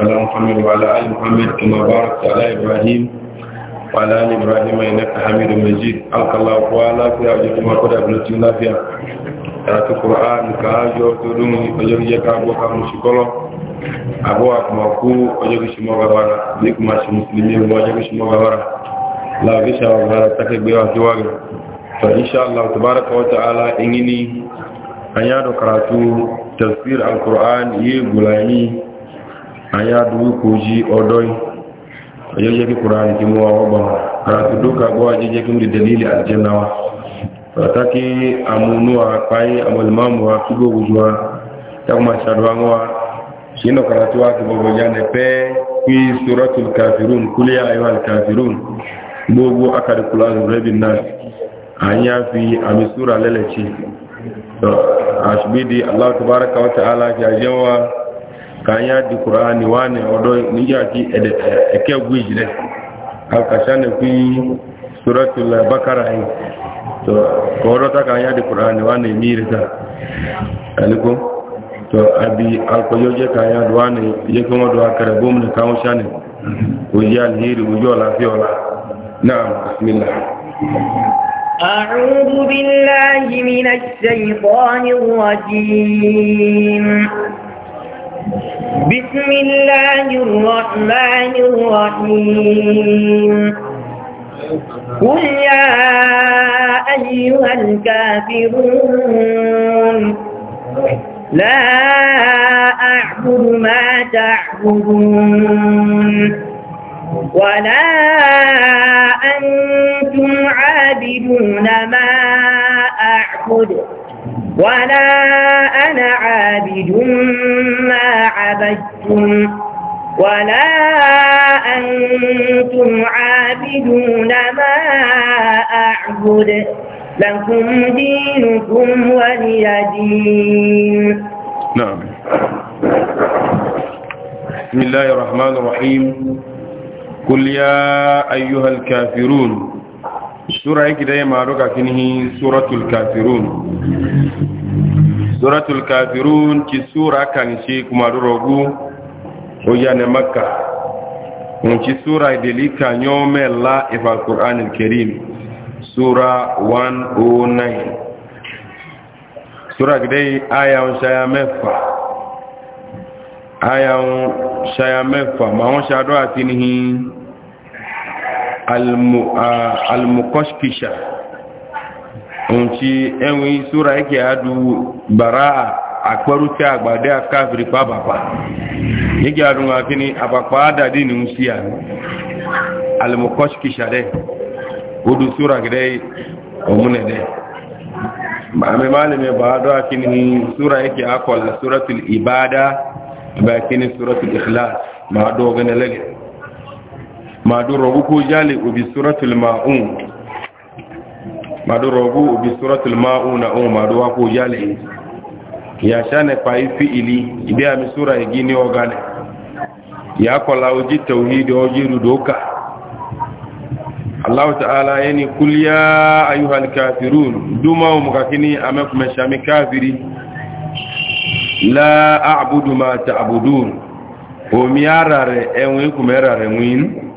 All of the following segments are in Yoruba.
على محمد وعلى آل محمد كما باركت على إبراهيم وعلى آل إبراهيم إنك حميد مجيد ألقى الله وعلا في أجل ما قد أبنتي الله فيها كرات القرآن كاجو تدوم أجل يكا أبوك مشكلة أبوك مكو أجل شما غبارة لكم مسلمين وأجل شما غبارة لا غشا وغارة تكبير جواغ فإن شاء الله تبارك وتعالى إنني أن يدو كراتو تفسير القرآن يبلاني aya duwi odoy odoi ayoje ki qur'an ki mu wa ba ara ki duka go aje ki mu dalili aljanna wa fataki amunu wa pai amul mamu wa ki go gujwa ta kuma shadwa ngwa shino karatu wa ki bobo jane pe fi suratul kafirun kul ya ayyuhal kafirun bobo akari kulan rabin nas anya fi amisura lalace to ashbidi allah tabaaraka wa ta'ala ya jawa kanya di qur'ani wane odo nijaki ede eke gwijle al kashane kwi suratul bakara hi to koro ta kanya di qur'ani wane mirta aliko to abi al koyoje kanya duwane je ko modo akara bom ne kawo shane ujal hiri ujola fiola na'am bismillah أعوذ بالله من الشيطان الرجيم بسم الله الرحمن الرحيم قل يا أيها الكافرون لا أعبد ما تعبدون ولا أنتم عابدون ما أعبد ولا أنا عابد ما عبدتم ولا أنتم عابدون ما أعبد لكم دينكم ولي دين نعم بسم الله الرحمن الرحيم قل يا أيها الكافرون sura yake da yamma roka kinihi suratul kafirun suratul kafirun ki sura kan shi kuma rogu o ya ne makka mun ki sura delika nyome la ifa qur'anil karim sura 109 sura gidai aya on shaya mefa aya on shaya mefa ma on shado atinihi almukoshkisha ohun tí ẹwìn súra ẹkẹ́ adu bàrá àpẹrútẹ́ àgbàdé àkáfìrí pàbàpà nígbà àdúnwà kí ni àpapà àdàdì ní ń sí àmì almukoshkisha dẹ́ odù súra gẹ́dẹ́ ọmúnẹ̀dẹ́ ma'amẹ́ ma'alẹ́mẹ́ bàádọ́ kí ni súra ẹkẹ́ akọ̀lá súratul ibada bàá kí ni súratul ikhlas ma'adọ́ gẹ́nẹ́lẹ́gẹ́ maduro ko jali obi suratul ma'un maduro ko obi suratul ma'un on maduwa ko jali ya shane pai fi'ili ibe ami sura igini ogane ya kola oji tauhid oji rudoka Allah ta'ala yani kul ya ayyuhal kafirun duma umkakini amakum shami kafiri la a'budu ma ta'budun o mi arare enwe kumera renwin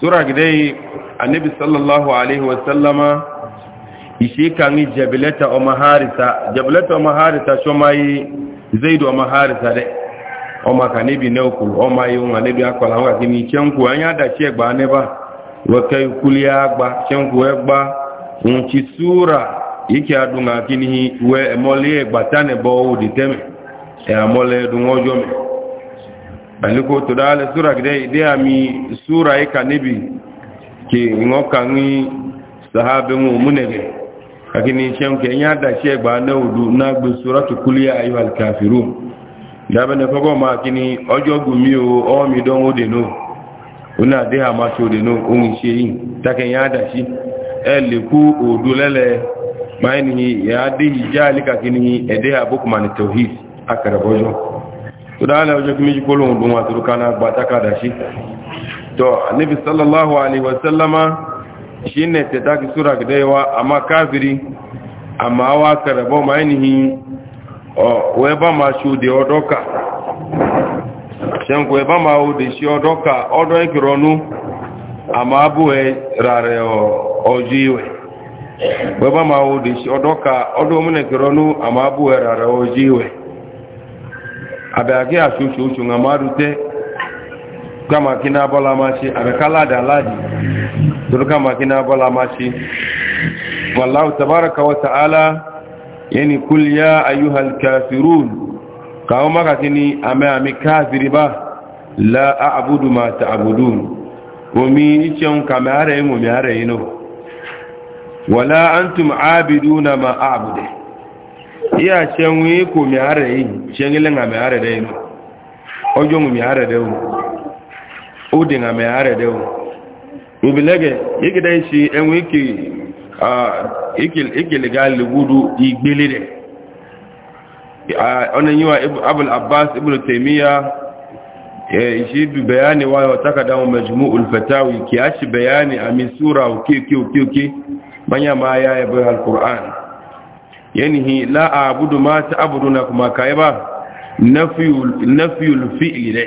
sura gidai annabi sallallahu alaihi wasallama ishe kan yi jabilata o maharisa jabilata o maharisa sho mai zaidu o maharisa de o maka nibi ne oku o mai un anibi akola wa kini chenku anya da chi egba ne ba wa kai kulia agba chenku egba un chi sura yiki adunga kini we emole egba tane bo o diteme e amole dun ojo me ani ko to dale sura gide ide ami sura e kanibi ki ngoka ni sahabe mu munege lakini shem ke nya da she gba na udu na gbe sura to kuliya ayyuhal kafirun da bane fago ma kini ojo gumi o o mi don ode no una de ha ma so de no yin ta ke nya da e le ku odu lele ni ya kini e de ha bukman tauhid akara bojo tọ́dáàlẹ̀ ọjọ́ kí méjì kólóhùn bó wọn àtúrúká náà gba tákàdá sí tọ́ níbi sallallahu alaihi wasallama shi ne ta taki sura gidaiwa amma kafiri amma wa karabo ma ainihin wai ba ma da shan kuwa ba ma o da shi ọdọka ọdọ amma oji ba ma o da shi ọdọ amma oji iwe abẹ́agé àṣoṣoṣo ǹgà máa rútẹ́ gbáma kí náà bọ́lá máa ṣe àbẹ̀kálàdà aláàdì torí gbáma kí náà bọ́lá máa ṣe wàláwù tàbárakà wata alá yẹni kúlíyà ayúhal kafirun kàwọ mákàtí ni àmẹ́ àmì káàfiri bá láàbùdù máa ta àbùdù omi iṣẹ́ kàmẹ́ àrẹ̀ yìí mọ̀mí àrẹ̀ yìí náà wàlá antum àbìdú na ma àbùdẹ̀ ya chenwe ko mi are yi chengele nga mi are de no ojo mu mi are de o udi nga mi are de o ubilege yigide shi enwe iki a ikil ikil gal wudu igbele de ona yiwa abul abbas ibnu taymiya e, shi du bayani wa ya taka da majmu'ul fatawi ki kiyashi bayani a min sura uki uki uki manya ma ya yabi alquran yanihi la abudu ma ta'buduna kuma kai ba nafyul nafyul fi'li de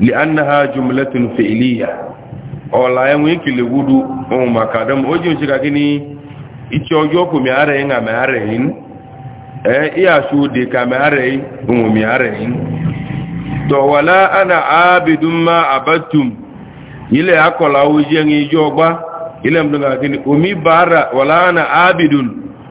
li'annaha jumlatun fi'liya ola yan wiki le wudu o makadam oji o shiga kini ichi ojo ko mi are nga mi are yin eh iya su de ka mi are yin o mi are yin to wala ana abidun ma abattum ile akola oji en ijo gba ile mdunga kini umi bara wala ana abidun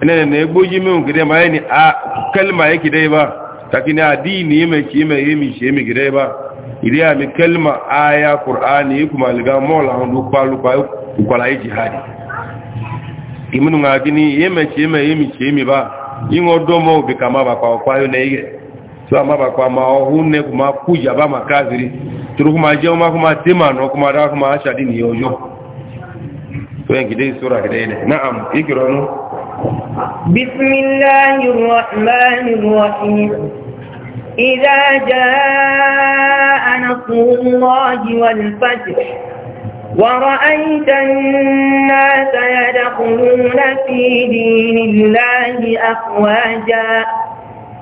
ene ne gboji me un gide mai ni a ah, kalma yake dai ba takini adini ah, me ki me yemi she me gide ba ide ya mi kalma aya qur'ani kuma liga mola on du palu pa ko la jihad imunu ngagini yeme ki me yemi she me ba ingo domo bi kama ba kwa kwa yo ne ye so ama ba kwa ma ohune kuma kuja ba makaziri turu kuma je uma kuma tema no kuma da kuma asha dini yoyo to en gide sura gide ne na'am ikironu بسم الله الرحمن الرحيم إذا جاء نصر الله والفتح ورأيت الناس يدخلون في دين الله أفواجا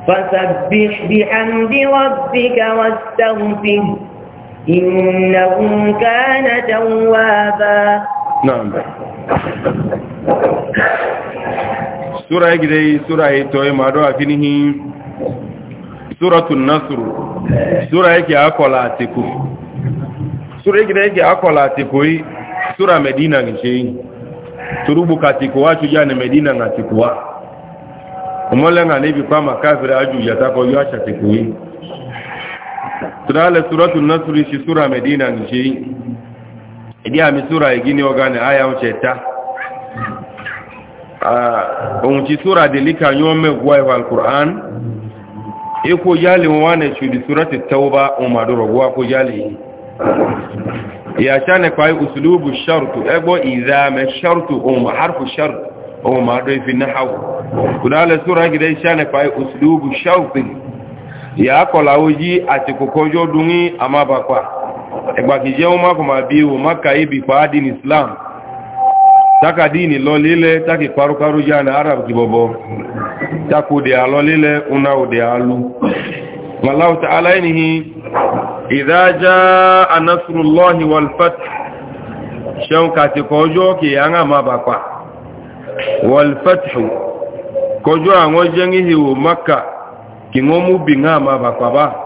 فسبح بحمد ربك واستغفره إنه كان توابا نعم sura egide sura ito ma do afinihi suratun nasr sura yake akola atiku sura egide yake akola atiku sura medina nje turubu katiko watu jana medina ngatikuwa umole nganibi kwa makafiri aju yatako yacha tikui tunale suratun nasr shi sura medina nje idi ami sura egini ogane aya ocheta Ah, ohun ti sura delika yóò mẹ́gbọ́ ẹ̀fà alkùrán ikú yálì wọn ne ṣùdí sura ti tauba ọmọdúrọ̀gbọ́ kó yálì ìyàṣá nípa ìsìlúbù ṣartu ẹgbọ́ ìzámẹ́ ṣartu ohun harfu ṣartu ohun ma'adọ́ ifi náhàwó kùdálẹ̀ sura gidẹ́ ìṣá nípa ìsìlúbù ṣartu ìyà kọ̀lá ojí àti kòkòjọ́ dúnrí àmábàpá ẹgbàkìjẹ́ wọn má kọ̀ máa bí wọn má ka ibi pàádìn islam Takadini dini lɔ lilɛ taki parukaru ya na arab kibɔbɔ taku de alɔ lilɛ unawu de alu wallahu ta'ala yinihi idha jaa nasrullahi wal fath shan kati kojo ki anga mabakwa wal fath kojo ango jengi hiu makka kingomu binga mabakwa ba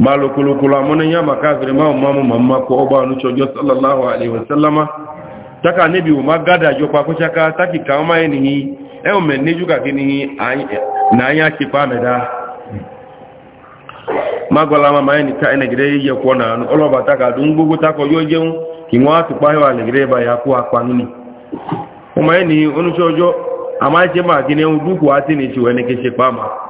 ma kulukulu amunan ya makafiri ma mamu mamma ko oba nu chojo sallallahu alaihi wasallama ka nebi o magada jo pa ko chaka taki ka ma enihi e o men neju ka kini na anya ti pa ma ma eni ka ene gire ye ko na anu oloba taka dun gugu tako yo jeun ki wa tu ba ya ku akpa nuni o ma eni onu chojo ma je ma kini o duku ati ni ti pa ma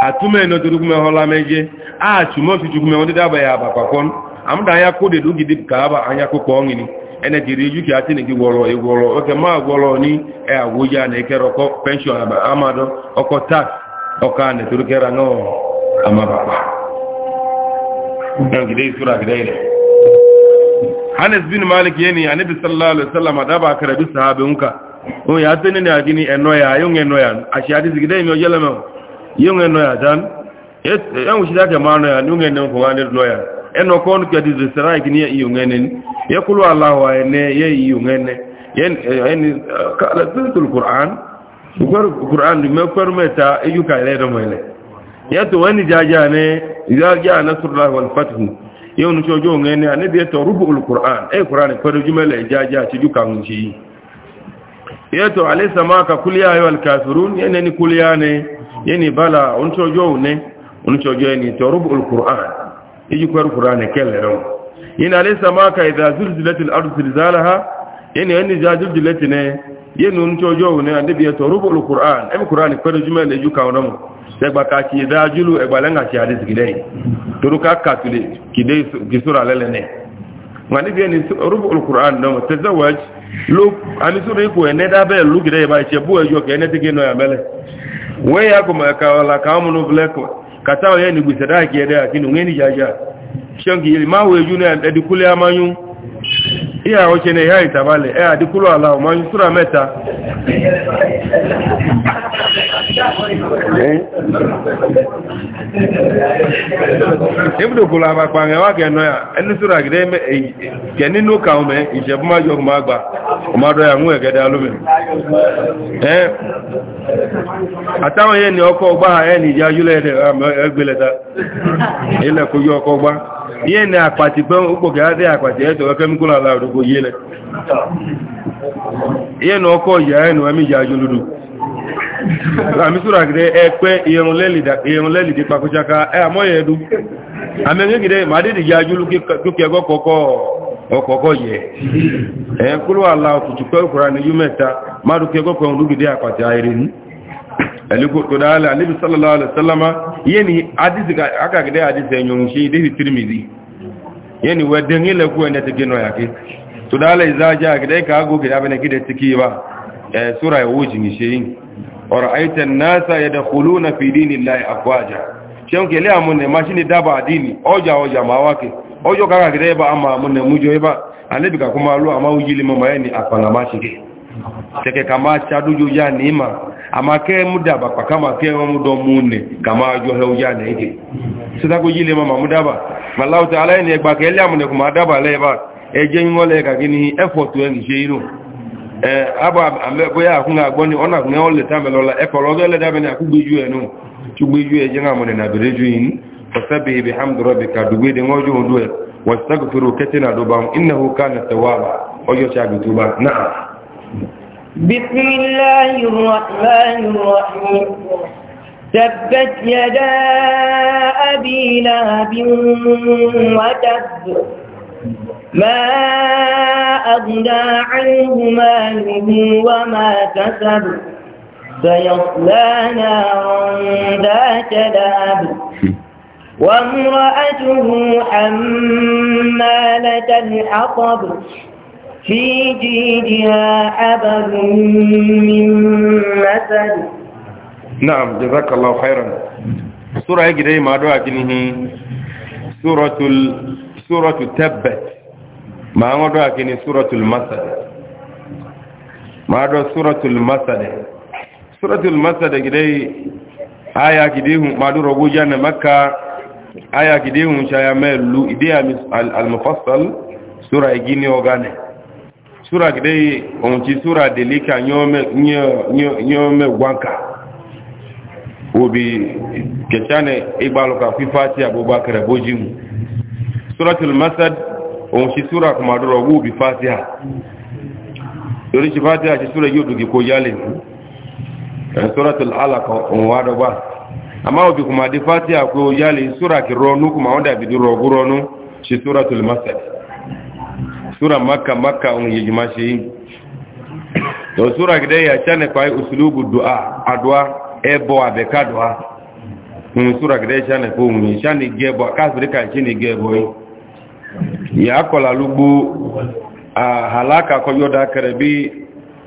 atume no turukume hola meje a ah, chumo fichukume wonde daba ya baba kon amda ya kode dugi dip kaaba anya ko kongini ene diri yuki ati ne giworo e gworo oke ma ni e awoja na ekero ko pension amado oko tax turukera no ama baba sura gidele Anas bin Malik yeni Annabi sallallahu alaihi wasallam daba karabi sahabinka o ya tani ne enoya yun enoya ashi gidai mi yóò ẹnu àdán ẹ̀hùn sí dákẹ̀ máa náà ní ẹnu kò wá ní lọ́yà ẹnu ọkọ̀ ní kẹ́dì strike ní iyo ẹni yẹ kúrò aláwọ̀ ẹni yẹ iyo ẹni ẹni kàlẹ̀tẹ̀tẹ̀ kùrán kùrán mẹ́kọ̀rọ̀ mẹ́ta eyúkà ẹlẹ́dọ̀mọ̀ẹ̀lẹ̀ yàtọ̀ wẹ́ni jájá ní ìjájá anásùrùláwọ̀ yẹ́tọ̀ alẹ́sàmá ka kúlíyà yọ́ alkafirún yẹ́nẹ́ni kúlíyà ne yeni bala onto jo ne onto jo ni turubu alquran iji ko alquran kelle ron ina laysa ma ka idha zulzilatil ardu zilzalaha yeni yeni jajul jilatine yeni onto jo ne ande julu e gba turuka ka kidei kisura lele ne ngani ni rubu alquran no tazawaj lu ani sura ko gidei ba che bu e jo we ya ko ma ka wala ka mu no jaja shongi ili ma we juna iya oche na ihe itabali e eh, adịkwuru ala ma onye sura meta ibùdókòlò àpapà ẹ̀wà kẹ́nà ẹnìsúra gẹ́gẹ́ kẹ́ni ọmọ ìṣẹ̀bùmájọ ya ọmọ àdọ́ ìyàwó ẹ̀gẹ́dẹ́ alómi na àtàwọn yẹ́ ni ọkọ̀ ọgbà ẹ̀ nìjà yúlẹ̀ ẹgbẹ̀lẹ̀ta gị ọkụ ihe na akpati kpe okpoke adịghị akpati ya e towe kemikal ala odogo yele ihe na ọkọ yi e e ya na emi ji ajolulu amisụragide ekpe ihenlelide kpakụchaka amọghị edu amegegide ma adịdị gị ajolu kekego ọkọkọ yie ee mkpụrụ ala otutu kpe kwara na yu meta mmadụ kegokwe nrugide akpati ahịrị aliko to dala nabi sallallahu alaihi wasallama yeni hadisi ga aka gida hadisi yanyon shi dai tirmizi yeni wadan ile ko ne take no yake to dala iza ja gida ka go gida bane gida tiki eh, ya wujin shi yin or aitan nasa ne mashini daba adini oja oja mawake ojo kaka gida ne mujo ba anabi ka kuma lu amma ujili mama yani afala mashike nima a mudaba kwa kama kenga ma mune kama ajo he ujane ide sita kujile mama mudaba wallahu ta'ala ni egba kele amune kuma daba le ba eje ngole ka kini effort we ni sheiro eh aba ambe boya kunga gboni ona kunga ole tamelola effort ole dabe ni akugbeju enu tugbeju eje ngamune na bereju yin fasabi bihamdi rabbika dugwede ngojo nduwe wastaghfiru katina dubam innahu kana tawwaba ojo chagutuba na'am بسم الله الرحمن الرحيم تبت يدا أبي لهب وتب ما أغنى عنه ماله وما كسب سيصلى نارا ذات لهب وامرأته حمالة الحطب في جيدها حبل من مسد نعم جزاك الله خيرا سورة يجري ما دعا كنه سورة ال... سورة تبت ما دعا كنه سورة المسد ما دعا سورة المسد سورة المسد يجري آية كديه ما دعا رجوجان مكة آية كديه شايا ميلو إديه المفصل سورة يجيني وغاني sura gidai onci sura delika nyome wanka obi kechane igbaluka fi fati abubakar bojimu suratul masad onci sura kuma duro wubi fatiha yori ci fatiha ci sura yodu gi ko yalin suratul alaq on wado ba amma obi kuma di fatiha ko yalin sura ki ronu kuma wanda bi duro guronu ci suratul masad sura makka makka on ye juma to sura gide ya chane kwa usulubu du'a adwa ebo abeka du'a mun sura gide chane ko mun chane gebo kafirika chini gebo ya kola lugu a halaka ko yoda karabi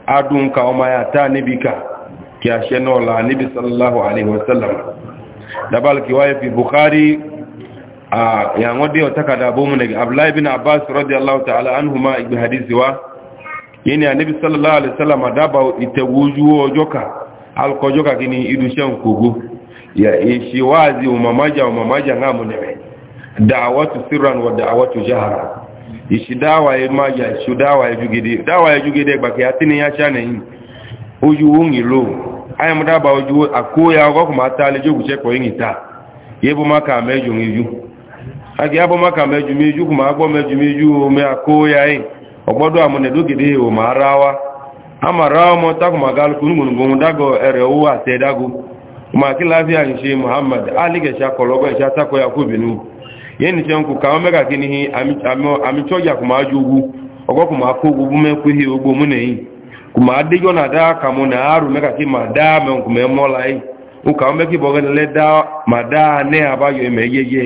adun ka o maya ta nibika ki ashe no la nibi sallallahu alaihi wasallam dabal ki waye fi bukhari Ah, ya ngodi o takada bo mun daga abdullahi bin abbas radiyallahu ta'ala anhuma ibi hadisi wa yini annabi sallallahu alaihi wasallam daba itewuju ojoka alkojoka kini idushan kugu ya ishi wazi umamaja umamaja ngamu nime da'watu sirran wa da'watu jahra ishi dawa e maja ishi dawa e jugide dawa e jugide gba atini ya chane yin oju won ilo ayam daba oju akoya ogo kuma ta lejo guse yin ita yebo maka mejo yin aga abụ maka mejumiju kwu ma agbọ mejumiju ome akụ ya yi e. ọgbọdụ amụnedogide e, o ma arawa amara mọtakwu ma galụkwunugwunugwu dago ere o ate dago ma kilavia nshi muhammad ali gesha kọlọgọ isha tako ya kwubinu ye niche nkwụ ka omega gị n'ihi amịchọ ya kwụmajụ ugwu ọgọ kwụmakụ ugwu bụ mekweghị ogbo mụ na eyi kwụma adịgo na daa ka mụ na arụ mega gị ma daa menkwume mọla yi ụka omega ibọgọ nele daa ma daa ne abayọ eme yeye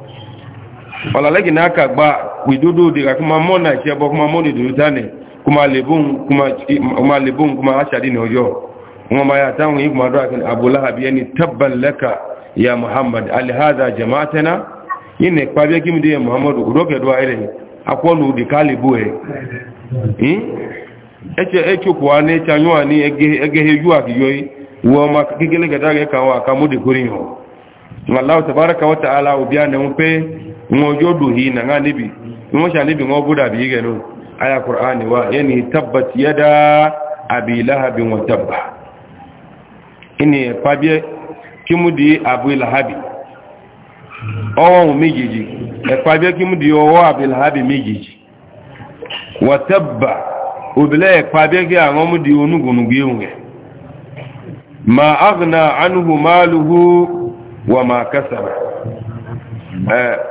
falalagi na aka gba widodo daga kuma mona ce ba kuma mona duruta ne kuma lebon kuma lebon kuma ashadi ne ojo kuma ma ya tanwu yi kuma dora kan abu lahabi yani tabban laka ya muhammad alhaza jama'atana yin ne kwabe kimi da ya Muhammad ku doke duwa irin akwọnu di kalibu e ece ece kuwa ne canyuwa ni egehe yuwa ki yoyi wọ́n ma gẹ́gẹ́lẹ́gẹ́dá rẹ̀ kan wà kàmúdì kúrin hàn. Allah ngojo duhi na nga nibi ngosha nibi ngobu da biige no aya qur'ani wa yani tabbat yada abi lahab wa tabba ini pabie kimudi abu lahab owo mejiji e pabie kimudi owo abu lahab mejiji wa tabba ubile pabie ki awon mudi onugunugu ehun ma aghna anhu maluhu wa ma kasaba eh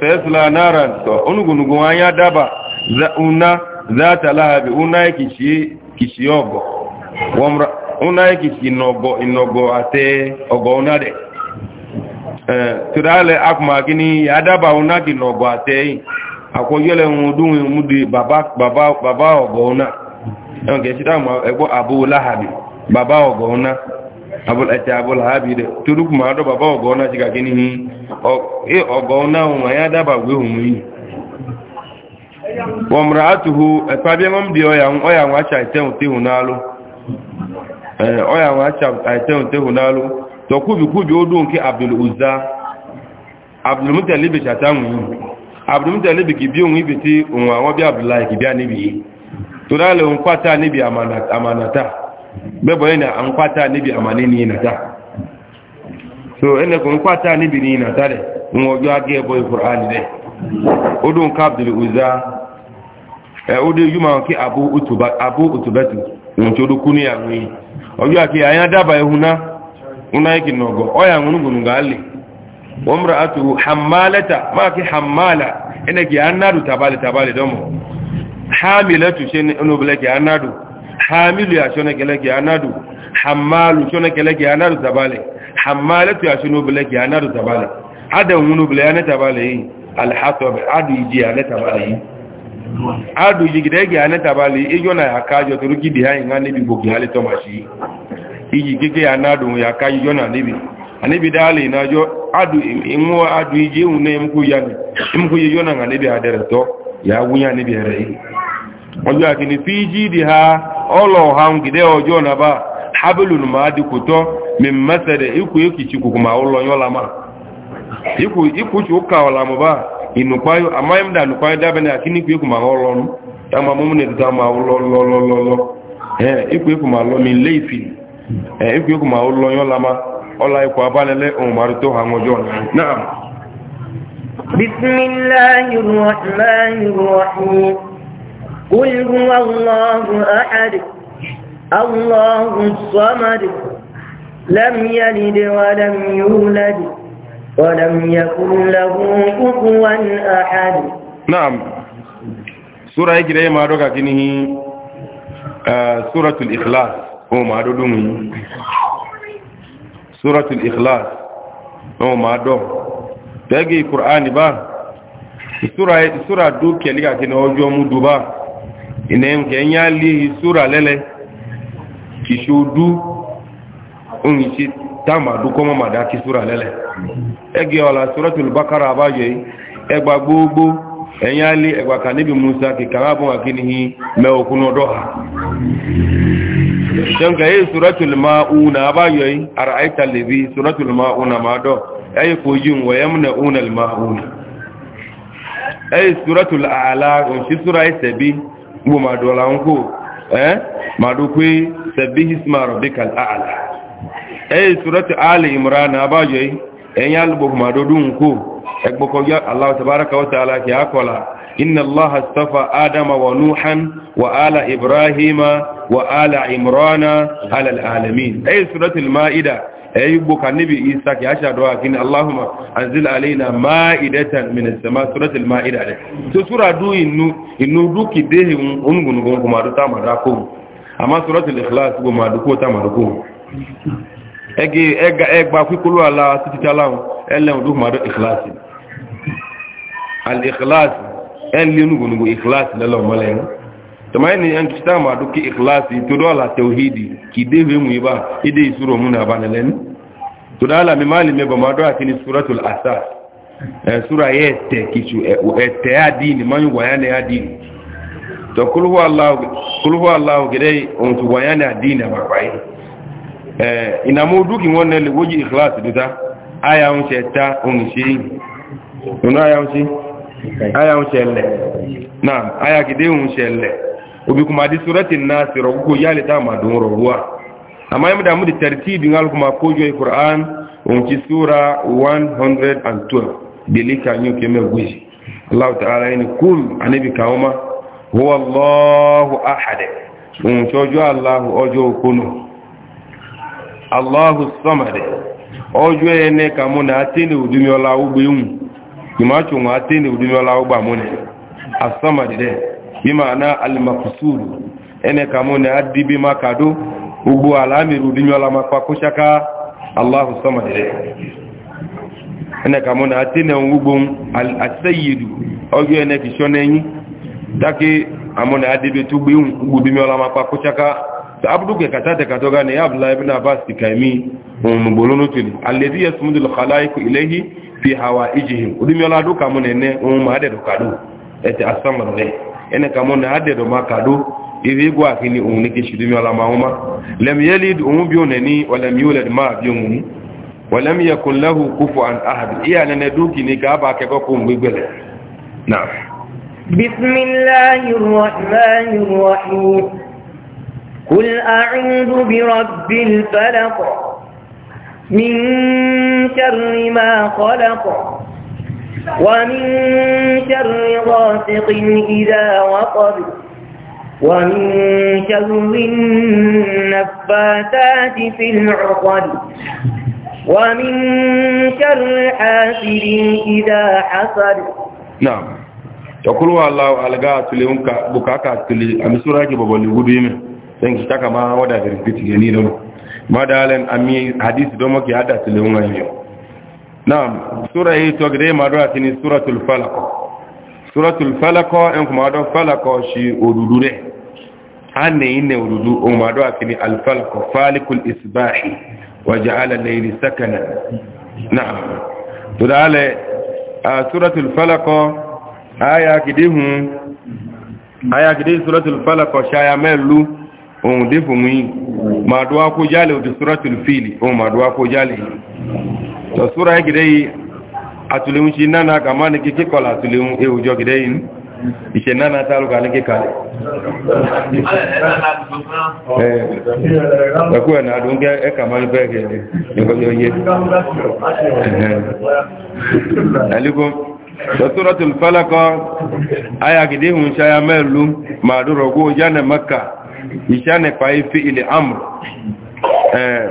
sayasla naran to onugunugun anya daba za una za ta lahabi una yake shi kishi ogo wamra una yake shi nogo inogo ate ogo una de eh tudale gini ya daba una ki nogo ate akoyele mudun mudi baba baba baba ogo una abu baba ogo una abul ati abul habide turuk ma do baba ogo na jiga kini hin o e ogo na o ya da ba we hun yi wa mraatuhu e pa bi bi o ya o ya wa cha ite na ya wa cha ite to o dun ki abdul uzza abdul mutalib yi abdul mutalib ki bi un ibiti un wa bi abdullah ki bi anibi to dale un pata nibi amanata amanata bẹ́bọ̀ yìí na an kwata níbi àmàlẹ́ ní ìnàta so ẹnẹkùn kwata níbi ní ìnàta rẹ̀ ń wọ́jọ́ agẹ́ ẹbọ ìkùránì rẹ̀ ó dún káàbìlì òzá ẹ̀ ó dé yúmọ̀ kí abó òtùbẹ́tù ohun tí ó dúkú ní àwọn yìí àti máa kí hamilu ya shona keleke anadu hamalu shona keleke anadu zabale hamalatu ya shona beleke anadu zabale ada ngunu bele ya neta bale yi alhatab adu iji ya neta bale yi adu iji gidege ya neta bale yi yona ya kajo to ruki di hayi ngani bi bogi hali to mashi iji gege anadu ya kajo yona nibi anibi dali na jo adu inwo adu iji unne yani mku yona ngani bi adere to ya wunya nibi ere yi ojo akini fiji ha ọlọ ha ngide ọjọọ na ba hablun ma di kuto min masada iku yuki chiku kuma ọlọ ma iku iku chu ka ọla mo ba inu payo amayem da lupayo da bene ọlọ ma mumu ọlọ ọlọ بسم الله الرحمن الرحيم قل هو الله أحد الله الصمد لم يلد ولم يولد ولم يكن له كفوا أحد نعم سورة يجري ما دوكا كنه سورة الإخلاص هو ما دومي سورة الإخلاص هو ما دوم تجي القرآن با سورة سورة دوكي لكا كنه وجوه مدوبا ina nke nya li sura lele kishudu ungichi tama du komo mada ki sura lele ege ola suratul bakara abaye egba gbogbo enya li egba kanibi musa ki karabu akinihi me okuno doha jonka yi suratul mauna abaye araita libi suratul mauna mado ay fujin wa yamna unal mauna ay suratul a'la unshi sura isabi gbogbo ma dọ̀la ń kó ẹ́ ma dọ̀ pé sẹ̀bí hisma rọ̀bíkà àlà ẹ̀yẹ sọ́rọ̀tì alì ìmúra náà bájọ́ ẹ̀yìn alùbọ̀kù ma dọ̀ dùn kó ẹgbọ́kọ̀yá aláwọ̀ tàbárakà wọ́ta aláàkì àkọlà ayyubu ka nabi isa ki asha da wakin allahumma anzil alaina ma'idatan min as-sama suratul ma'ida ne to sura du inu inu duki dehi ungun gon kuma do tama da ko amma suratul ikhlas go ma do ko tama do ko ege ega egba fi kulu ala titi talawo ele tamaini yan kita ma duki ikhlasi to dola tauhidi ki deve mu iba ide isuro muna banalen to dala mi mali me ba ma do akini suratul asas eh sura yete kichu eh, ete adini man wayane adini to kul huwa allah kul huwa allah gidai on tu wayane adini ba bai eh ina mu duki wonne le woji ikhlasi duta aya on cheta on shi una aya on shi aya on shelle naam aya gidai on shelle obi kuma di suratin nasi rogu ko yali ta ma don roguwa amma yamu da mu da tartibin alkuma ko joyi e qur'an unki sura 112 bilika nyu ke me gwi allah ta'ala ni kul anabi kawma huwa allah ahad un jojo allah ojo kunu allah samad ojo ene kamuna atini udumi ola ugbeun ima chunwa atini udumi ola ugba mune as-samad de bimana almaksul ene kamone addi bima kado ubu alamiru dinyolama kwa kushaka allahu samad ene kamone atene ubum al-sayyid oyo ene kishonenyi daki amone addi betubu ubu dinyolama kwa kushaka abduke katate katoga ne abdullah ibn abbas tikaimi umbolonu tuli alladhi yasmudu al-khalaiq ilayhi fi hawaijihim udimyola duka munene umma kadu ete asamadu ne ene kamo na ade do makado ibi gwa kini un ni kishudu mi ala mauma lam yalid um bi onani wa lam yulad ma bi um wa lam yakul lahu بسم الله الرحمن الرحيم قل أعوذ برب الفلق من شر ما خلق ومن شر غاسق إذا وقب ومن شر النفاثات في العقد ومن شر حاسد إذا حسد نعم تقول الله ألقى تليهم بكاكا تلي أمي سوراجي بابولي غدويم سنكي تاكا ما ودا في ركتي جنينو ما دالن أمي حديث دومك يادا تليهم أيوه naam sura hii tuagire madarati ni suratul falaq suratul falaq en kuma do falaq shi odudure hanne ine odudu o madarati ni al falaq falikul isbahi waja'ala al-layla sakana naam tudale suratul falaq aya kidihu aya kidi suratul falaq shaya melu on difu mi maduwa ko jale o suratul fili o maduwa ko jale to sura gidei atulemu shi nana kama ni kike kola atulemu e ujo gidei ni ise nana talu ka ni kika eh ta kuwa na dunge e eh, kama ni bege ni ko yoye alikum to suratul falaq aya gidei hun shaya melu maduro go jana makka ishane pa ifi ile amr eh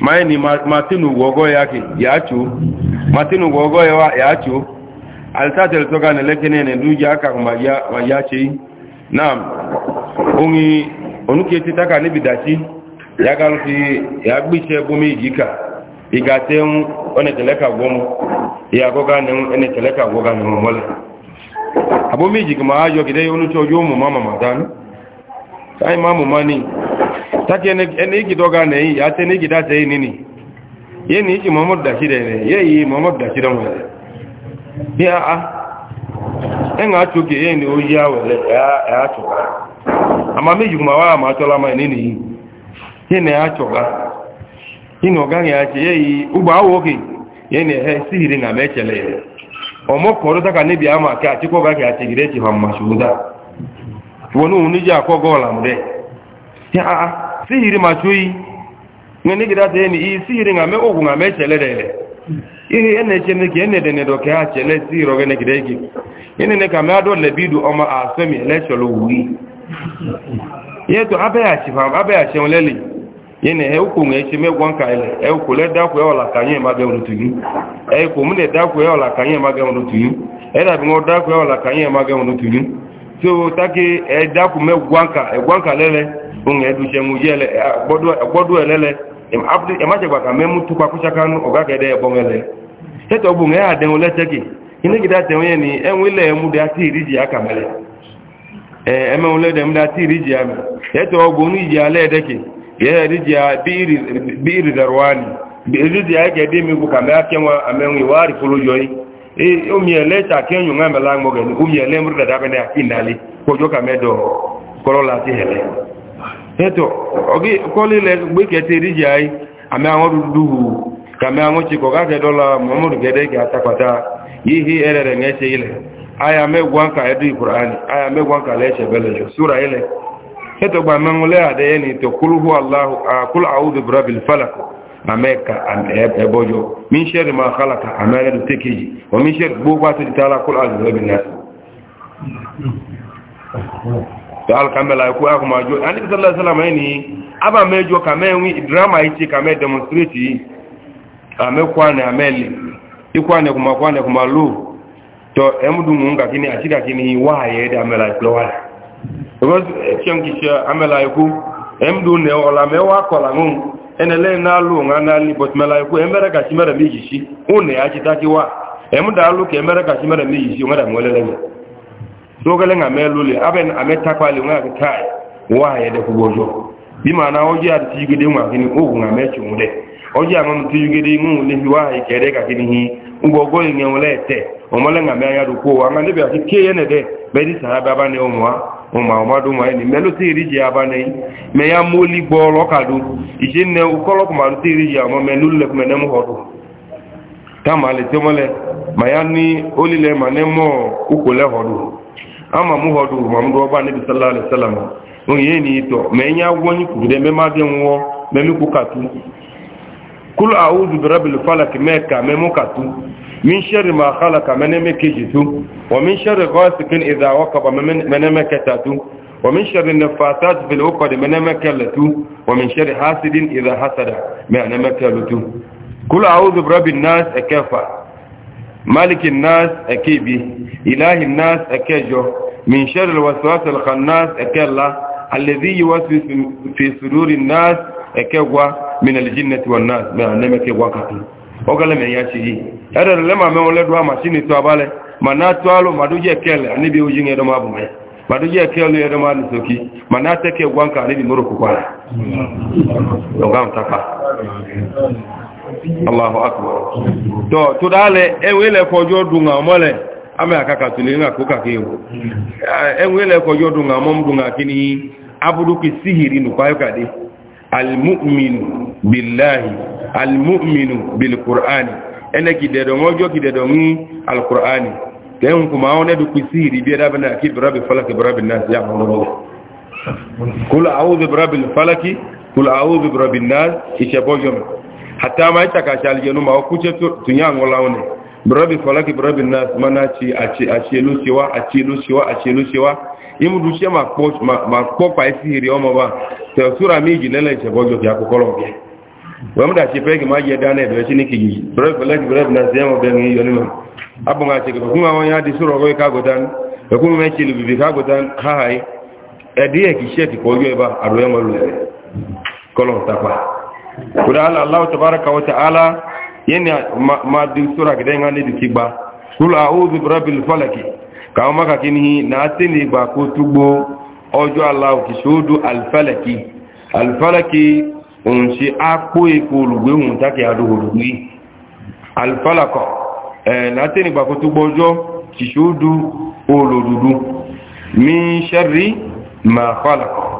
maye ni matinu gogo yake yacho matinu gogo ya yacho altata alitoka na lekene ne duja aka maja majachi naam ungi onuke titaka ni bidachi yaga nti yagbise bumi jika igaten oneteleka gomo ya goga ne teleka goga ne mole abomi jika maajo kide onucho yomu mama madani sai mamu mani taki ene igi doga na yi ate ne gida ta yi nini ye ni iji muhammadu da shida ne ye yi muhammadu da shida mu ne ya a en a choke ye ni oyi e a wele ya a choka ama meji kuma wa ama chola ma ni ni ye ne a choka ni no ga ya che ye yi ugba awo ke ye ne he sihiri na mechele ye omo koro ta ka ne bi ama ka chi ko ga ka ti gire ti ha ma shuda wonu ni ja ko gola mu de ya a sihiri machuyi ngani gida te ni i sihiri ngame ogu ngame chelere ihi ene chene ki ene dene do ke ha chele sihiro gene gida ki ene ne kame ado le bidu oma asemi ele cholo wi yeto abe ya chifam abe ya chelele yene he uku nge e le ya e ola kanye ma ga rutu yi e ku mu ne e ola kanye ma ga rutu yi e da bi ngo e ola ma ga so e, e lele un edu chemu yele gbodu gbodu elele im abdu e ma memu tu pa kusaka nu oga gede ebon ele teto bu nge ade un leteki ine gida te wen ni enwe ile mu da ti riji aka mele eh eme un le de mu da ti riji ami teto ogu nu iji ale edeki ye riji biiri biiri darwani biiri e, ya gede mi ku kambe akenwa amenwi wari fulu yoyi e omi ele ta kenyu ngamela ngogeni omi ele mu da da bene akindali kojo kamedo korola ti hele eto ogi koli le gbe kete riji ai ame awon dudu kame awon chi ko ga ke dola gede ke atapata yihi erere ngese ile aya megwan ka edu qur'ani aya megwan ka le bele sura ile eto gba mangole ade ya na kul hu allah kul a'udhu bi rabbil falaq ebojo e min ma du min alkamela ikú akọmọ àjọ anìbísọ́lá sálàmà aba abà mẹ́jọ kàmẹ́wìn drama ìtì kàmẹ́ demonstrate àmẹ́kwánẹ̀ àmẹ́lẹ̀ ikwánẹ̀ kùmà kwánẹ̀ kùmà ló tọ ẹmùdùnmù ń kàkíní àṣíkàkíní wáyé ẹ̀dẹ̀ amẹ́lá ìpẹ́wàlẹ̀ ẹmùdàlù kẹmẹ́rẹ́ kàṣí mẹ́rẹ̀ méjì sí dogale nga melule aben ametakwali nga kitai waye de kubojo bimana oje atigide nga kini ugu nga mechumude oje amam tigide ngu ni waye kere ka kini hi ugogo nge ulete omole nga meya ruko wanga ndebe akiyene de bedi sahaba bane omwa oma omadu ma ni melo tiri je abane me ya moli gboro kadu ije ne ukolo kuma tiri je omo melule kuma mayani olile manemo hodu ama mu hɔ duuru mamu dɔ ba ne bi sallallahu alaihi wasallam o ye nin tɔ mɛ n y'a wɔnyi kuru dɛ mɛ ma den wɔ mɛ mi ko ka tu kulu a'udhu bi rabbil falak mɛ ka mɛ mu ka tu min sharri ma khalaqa mɛ ne mɛ keji tu wa min sharri ghasikin idha waqaba mɛ ne mɛ kɛta tu wa min sharri nafatat fil uqad mɛ ne mɛ kɛlɛ tu wa min sharri hasidin idha hasada mɛ ne mɛ kɛlɛ tu kulu a'udhu bi rabbin nas ɛkɛfa مالك الناس أكيبي إله الناس أكيجو من شر الوسواس الخناس أكيلا الذي يوسوس في صدور الناس أكيوا من الجنة والناس ما نما كيوا كتي وقال من ياشي هذا لما ما ولدوا ما شيني توابله ما ناتوالو ما دوجي كيل أني بيوجين يدوم أبو مي ما دوجي كيل يدوم أبو سوكي ما ناتك يوانك أني بمرو كوالا يوغام تكا Allahu akbar. To to dale ewe le fojo dunga mole ame akaka tuli nga kuka kiyo. Ewe le fojo dunga mom dunga kini abudu ki sihiri nukayo kadi. Al-mu'minu billahi al-mu'minu bil-Qur'ani. Ene ki dedo ngojo ki dedo ngi al-Qur'ani. Tengu kumaone du ki sihiri bi rabana ki rabbi falaki rabbi nas ya Allah. Kula a'udhu bi rabbil falaki, kula a'udhu bi rabbin nas, ishabojo. hatta ma ita ka shal jenu ma kuce tunya ngola woni brabi falaki brabi nas mana ci a ci lu ciwa a lu ciwa a lu ciwa imu du ma ko ma ko pa isi ri o ba te sura mi ji lele je bojo ya ko kolon bi wa mu da ci pe ki ma je dane be ci ni ki brabi falaki brabi nas ya mo be ni yo ni abu nga ci ko kuma won ya di sura ko ka go tan e kuma me ci lu bi ka go tan ha ha e di e ki she ti ko yo ba aro ya mo lu ta pa kuda ala allah tabaraka wa ta'ala yana ma din sura gidan ngani diki ba kul a'udhu bi rabbil falaq ka ma ka kini na tini ba ko tugbo ojo allah ki shodu al falaki al falaki un si apo iko olugbe un ta ki adu olugbe al falako eh na tini ba ko tugbo ojo ki shodu olodudu min sharri ma khalaqa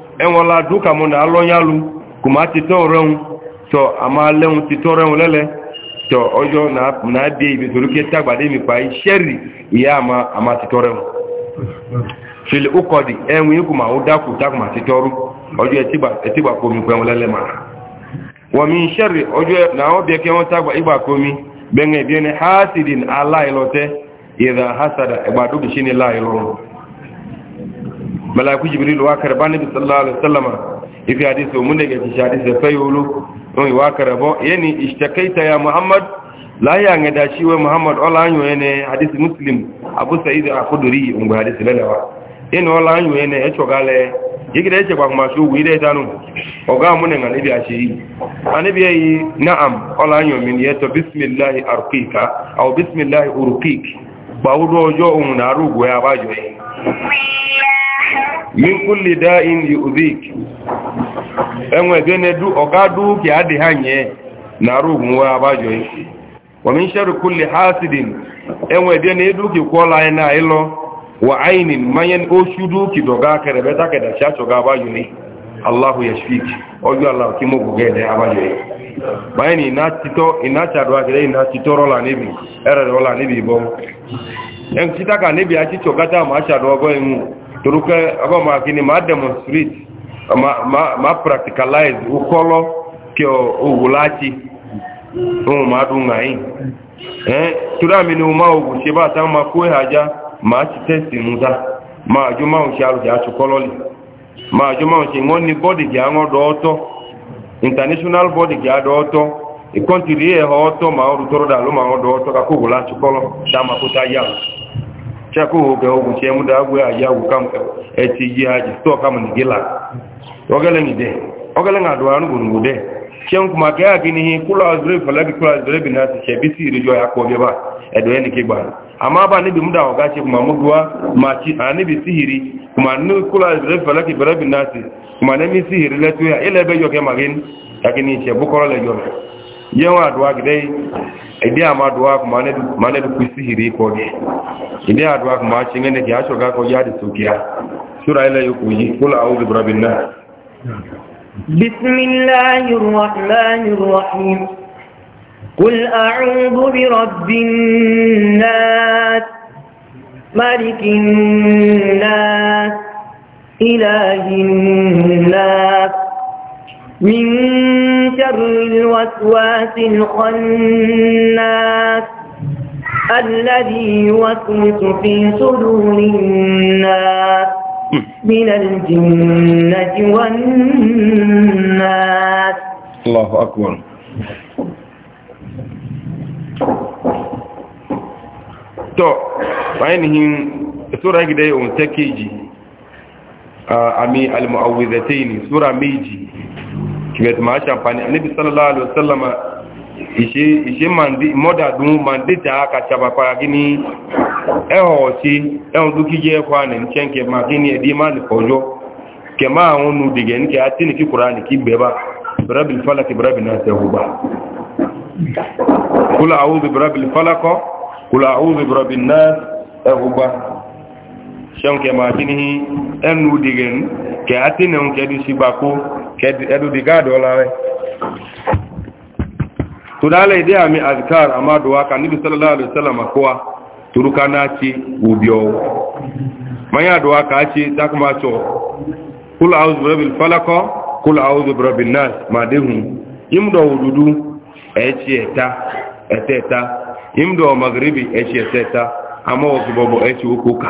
enwela duka mụ na alụ onye alụ kuma titorenwu tọ amalenwu titorenwu lele tọ ọjọọ na abịa ibetoluketa gbademikpa sheri ya ama ama titorenwu fili dị enwe ikwuma ụdakwuta kuma titoru ọjọọ etigba komi kwenwu lele mara wọmi sheri ọjọọ na ọbịa kenweta igba komi bẹ̀rẹ̀ bí ẹni hasidin aláìlọ́tẹ́ ìrà hasada ẹgbàdóbi sí ni láìlọ́rùn malaiku jibril wa karba nabi sallallahu alaihi wasallam ifi hadisi mun daga ci hadisi fa yulu on wa karabo yani ishtakaita ya muhammad la ya ngada shi wa muhammad ola anyo ene hadisi muslim abu sa'id al-khudri on hadisi lalawa yani ola anyo ene e chogale yigida yake e kwa kuma su wire danu e oga mun ngal ibi ashi anabi yi na'am ola anyo min yato bismillah arqika aw bismillah urqik ba wudo ojo on na rugo ya bajo yi min kulli da'in yu'zik enwe gene du ogadu ki adi hanye na rugun wa abajo yi wa min sharri kulli hasidin enwe gene du ki kola ina ilo wa ainin mayen oshudu ki doga kere beta ke da chacho ga abajo ni allah yashfik oju allah ki mo goge de abajo yi bayan ina tito ina chadu agere ina tito rola nibi ere rola nibi bo en kitaka nibi achicho gata ma chadu ogo enu toruka aba ma kini ma demonstrate ma ma, ma practicalize ukolo ke owulachi o ma dunga yin eh tura mi ni ma ogun se ba ta ma ko haja ma ti test muda ma ju ma o se aru ja tukolo li ma ju ma o se won ni body ja won do oto international body ja do oto e country e ho oto ma o toro da lo ma o do oto ka ko wulachi kolo da ma ko ta ya chakoho ga ogun che mu da agwe aya ogun kam eti ji aji to kam ni gila ogele ni de ogele nga do anu gun de chen kuma ga agini hi kula azre fala bi kula azre bi na ti che bi si ri jo ya ko be ba edo eni ke gba ama ba ni bi mu da oga che kuma mu duwa ma chi ani bi sihiri kuma ni kula azre fala ki bara bi na ti kuma ne mi sihiri le tu ya ile be jo ke ma gin magin akini che bukoro le jo ye wa do agide ide ama duwa kuma mane du kusihiri ko ge ide aduwa kuma cinge ne ya shoga ko ya di sukiya sura ila yuku yi kul a'udhu bi rabbin nas bismillahir rahmanir rahim قل أعوذ برب الناس ملك الناس إله الناس من شر الوسواس الخناس الذي يوسوس في صدور الناس من الجنة والناس الله أكبر to ainihin sura gida yau ta keji a ami al-mu'awwidhatayn sura meji gẹ̀ẹ́tì máa ṣàǹfàní níbi sálọ́lá àlọ́sálàmà ìṣe mọ́dàdún mandéta kàṣàpàpàá gíní ẹ̀họ̀ ọ̀ṣí ẹ̀hùn tó kí jẹ́ ẹ̀kọ́ ànẹ̀ ní ṣẹ́ǹkẹ̀ máa gíní ẹ̀dí máa nìkọjọ́ kẹ máa àwọn ọ̀nà dìgẹ̀ ní kẹ àti ní kíkùrá ní kí gbẹ̀bá bẹ̀rẹ̀bìl fálàkì bẹ̀rẹ̀bìl náà tẹ̀ hùgbà ṣeun kẹ máa kí ní ẹnu dìgẹ̀ ní kẹ àtínẹun kẹdù sígbàkó ẹdù dìgáàdọ̀ ọlá rẹ̀ ìdí àmì azikar amadowa ka níbi sallallahu alaihi wasallam akọwa turuka náà ti òbí ọwọ́ manya dowa kula auzu birabil falakọ kula auzu birabil nas ma imdo wududu ẹ̀ẹ́ci ẹ̀ta ẹ̀tẹ́ta imdo magribi ẹ̀ẹ́ci ẹ̀tẹ́ta amọ́ ọ̀sùbọ̀bọ̀ ẹ̀ẹ́ci okòkà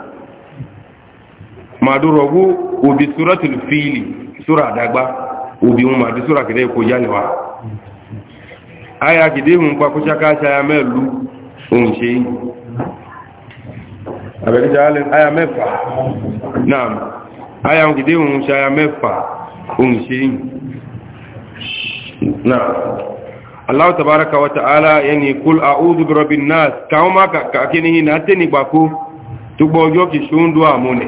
madúrọ̀gbó òbí súra tìlú sura súra àdágbá òbí wọn màdí súra kìdẹ́ kò yá níwá ayagide ń pa kúṣáká ṣaya mẹ́lú òun ṣe àbẹ̀kíṣà aya mẹ́fà náà ayagide ń ṣaya mẹ́fà òun ṣe náà Allah tabaraka wa ta'ala yani kul a'udhu bi rabbin nas kauma ka kinihi na tani bako tugbo ojo ki shundu amune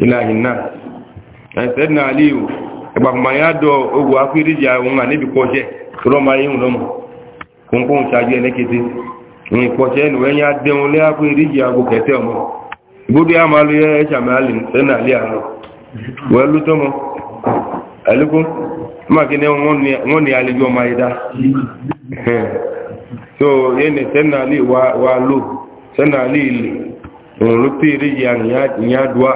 ilahi na ẹsẹ na aliyu ìgbàgbọ́n ya dọ ogun akérèjì àwọn àníbi kọjẹ́ rọ́mà yíò lọ́mù kúnkún ṣáájú ẹlẹ́kẹ́tẹ́ ní lé kẹtẹ́ ọmọ ìgbódé àmà ló yẹ wọ́n wọ́n ní ọmọ ayé dá so yẹn wà lò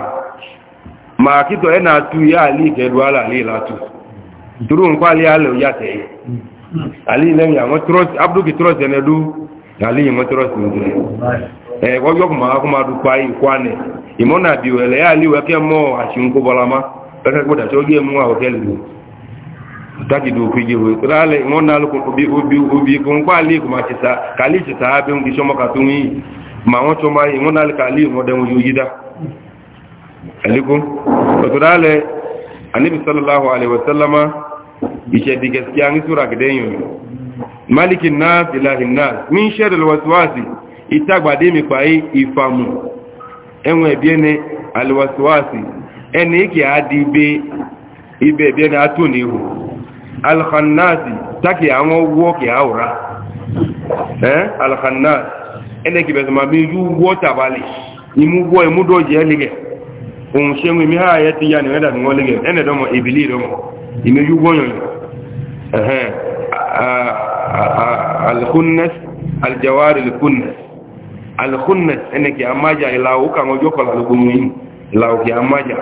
ma kito yana e tu ya ali ke du ala ali la tu duru n kwali ala ya te ali le ya won trust abdu ki trust ne du ali mo trust ni du eh wo yo ma ko imona bi ya ali we ke mo asin ko bolama pere ko da taki du ku jiwe rale mon na lu ko kali ci sa be ngi so mo imona kali mo de alikum wato dale annabi sallallahu alaihi wasallama ishe di gaskiya ni sura gidan yomi malikin nas ilahin nas min sharil waswasi ita gbade mi paye ifamu enwe bi ne alwaswasi eni ki adibe ibe bi ne atuni hu alkhannasi taki awon wo ki awra eh alkhannas ene ki be ma ju wo tabali imu wo imu doje lige ohun ṣe mú ìmíhà ayẹ́ ti yà ní ẹ̀dà ní wọ́n lè gẹ̀ẹ́ ẹ̀nà ìdánmọ̀ ìbìlì ìdánmọ̀ ìmẹ́jú gbọ́yàn ẹ̀hẹ́n alkunnes aljawari alkunnes alkunnes ẹni kì á májà ìlàwó kàwọn ọjọ́ kọlá lógún yìí ìlàwó kì á májà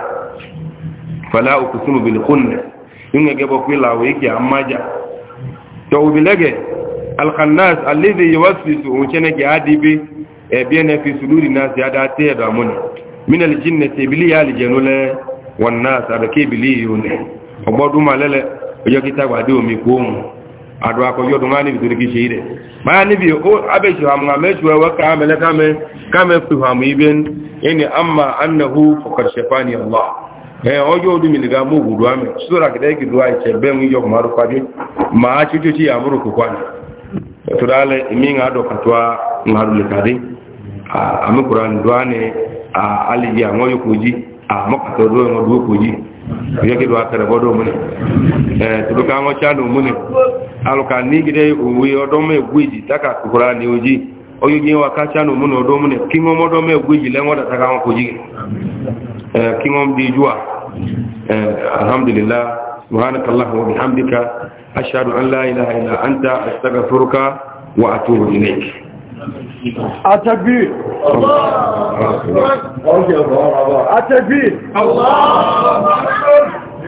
fàlá òkùsùnmù bìlì kunnes yíò gẹ́gẹ́ bọ́ pé ìlàwó yìí kì á májà tọ́wọ́ bìlẹ́gẹ̀ alkannas alẹ́dẹ̀ yíwá fìsù òun ṣẹ́ni á dìbí ẹ̀bí ẹni fi sùlúrì náà sí adá tẹ́ ẹ̀dọ̀ àmúni من الجنة بلي الجنة والناس أبكي بلي ọgbọ́dún máa lẹ́lẹ̀ ọjọ́ kí tàgbà dé omi kó mú àdó akọjọ́dún máa níbi tó ní kí ṣe rẹ̀ máa níbi ó abẹ́ṣù àmà mẹ́ṣù ẹwọ́ káàmẹ́lẹ́ káàmẹ́ fi hàmù ibẹ́ ẹni àmà annahu fọkàṣẹfà ni ọlọ́ ẹ ọjọ́ ọdún mi nìga mú òwúrọ̀ àmì sóra kìdẹ́ kìdọ́ àìṣẹ́ bẹ́ẹ̀ ń yọ kùmárù pàdé máa tí ó tí àmúrò àmì kùránì dùá ni alìyí àwọn yóò kojí àmọ́kàtà ọdún ẹ̀wọ̀n dúó kojí ìyẹ́kìdù àtẹ̀rẹ̀bọ́dọ̀ múnẹ̀ tìbíkà àwọn chánù múnẹ̀ alùkà ní gidẹ́ òwe ọdọ́ mẹ́gbèjì tákà kùránì ojí oyójí wa ká chánù múnẹ̀ ọdọ́ múnẹ̀ kí wọ́n mọ́dọ́ mẹ́gbèjì lẹ́wọ́n dàtàkà wọn kojí kí wọ́n bí jùwà alhamdulillah subhanaka allah wa bihamdika ashhadu an la ilaha illa anta astaghfiruka wa atubu ilayk التكبير الله أكبر التكبير الله أكبر